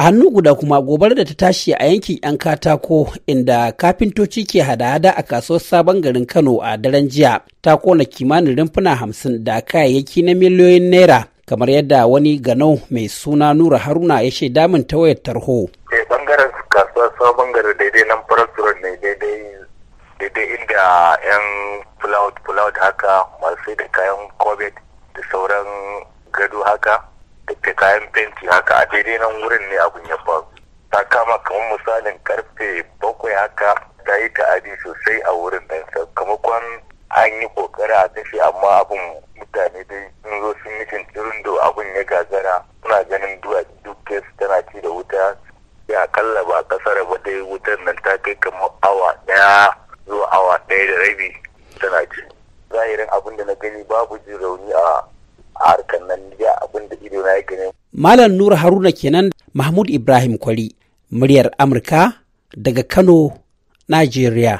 a hannu guda kuma gobarar da ta tashi a yankin 'yan katako inda kafintoci ke hada-hada a kasuwar sabon garin kano a daren jiya ta kona kimanin rumfuna hamsin da kayayyaki na miliyoyin naira kamar yadda wani gano mai suna nura haruna ya shaida damin ta wayar tarho bangaren kasuwar sabon garin daidai nan ne daidai inda 'yan fulawut haka masu da kayan covid da sauran gado haka da kayan fenti haka a daidai nan wurin ne abun ya faru ta kama kamar misalin karfe bakwai haka ta yi ta'adi sosai a wurin nan sakamakon an yi kokari a tafi amma abin mutane dai sun zo sun yi da abun ya gagara suna ganin duke su tana ci da wuta ya akalla ba kasar ba dai wutar nan ta kai kamar awa ɗaya, zuwa awa daya da rabi tana ci zahirin abin da na gani babu jin rauni a Malam Nura Haruna kenan Mahmud Ibrahim Kwari, muryar Amurka daga Kano, Najeriya.